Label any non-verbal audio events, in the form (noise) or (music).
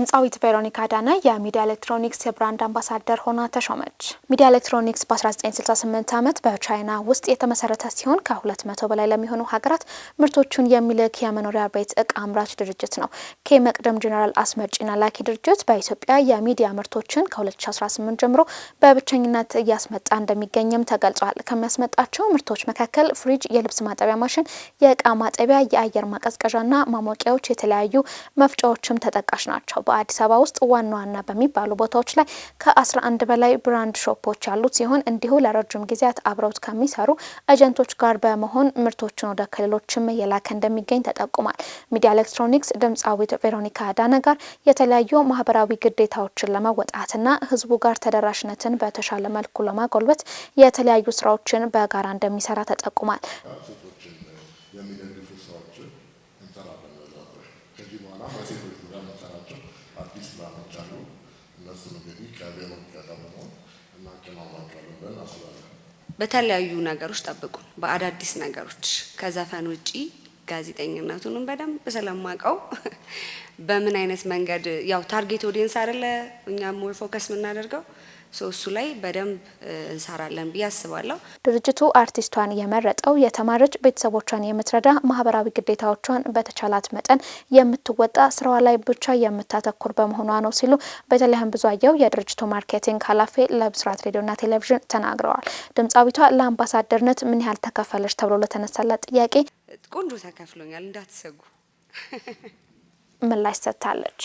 ድምፃዊት ቬሮኒካ አዳነ የሚዲያ ኤሌክትሮኒክስ የብራንድ አምባሳደር ሆና ተሾመች። ሚዲያ ኤሌክትሮኒክስ በ1968 ዓመት በቻይና ውስጥ የተመሰረተ ሲሆን ከ200 በላይ ለሚሆኑ ሀገራት ምርቶቹን የሚልክ የመኖሪያ ቤት እቃ አምራች ድርጅት ነው። ከመቅደም ጀኔራል አስመጪና ላኪ ድርጅት በኢትዮጵያ የሚዲያ ምርቶችን ከ2018 ጀምሮ በብቸኝነት እያስመጣ እንደሚገኝም ተገልጿል። ከሚያስመጣቸው ምርቶች መካከል ፍሪጅ፣ የልብስ ማጠቢያ ማሽን፣ የእቃ ማጠቢያ፣ የአየር ማቀዝቀዣና ማሞቂያዎች፣ የተለያዩ መፍጫዎችም ተጠቃሽ ናቸው። በአዲስ አበባ ውስጥ ዋና ዋና በሚባሉ ቦታዎች ላይ ከ11 በላይ ብራንድ ሾፖች ያሉት ሲሆን እንዲሁ ለረጅም ጊዜያት አብረውት ከሚሰሩ ኤጀንቶች ጋር በመሆን ምርቶችን ወደ ክልሎችም እየላከ እንደሚገኝ ተጠቁሟል። ሚዲያ ኤሌክትሮኒክስ ድምፃዊት ቬሮኒካ አዳነ ጋር የተለያዩ ማህበራዊ ግዴታዎችን ለመወጣትና ህዝቡ ጋር ተደራሽነትን በተሻለ መልኩ ለማጎልበት የተለያዩ ስራዎችን በጋራ እንደሚሰራ ተጠቁሟል። የሚደግፉ ከዚህ በኋላ በሴቶች ዙሪያ እነሱን እንግዲህ ብለን አስባለን። በተለያዩ ነገሮች ጠብቁን፣ በአዳዲስ ነገሮች ከዘፈን ውጪ ጋዜጠኝነቱንም በደንብ ስለማውቀው በምን አይነት መንገድ ያው ታርጌት ኦዲየንስ አይደለ እኛ ሞር ፎከስ የምናደርገው እሱ ላይ በደንብ እንሰራለን ብዬ አስባለሁ። ድርጅቱ አርቲስቷን የመረጠው የተማረች ቤተሰቦቿን የምትረዳ ማህበራዊ ግዴታዎቿን በተቻላት መጠን የምትወጣ ስራዋ ላይ ብቻ የምታተኩር በመሆኗ ነው ሲሉ በተለይም ብዙ አየው የድርጅቱ ማርኬቲንግ ኃላፊ ለብስራት ሬዲዮና ቴሌቪዥን ተናግረዋል። ድምፃዊቷ ለአምባሳደርነት ምን ያህል ተከፈለች ተብሎ ለተነሳላት ጥያቄ ቆንጆ ተከፍሎኛል እንዳትሰጉ (laughs) ምላሽ ሰጥታለች።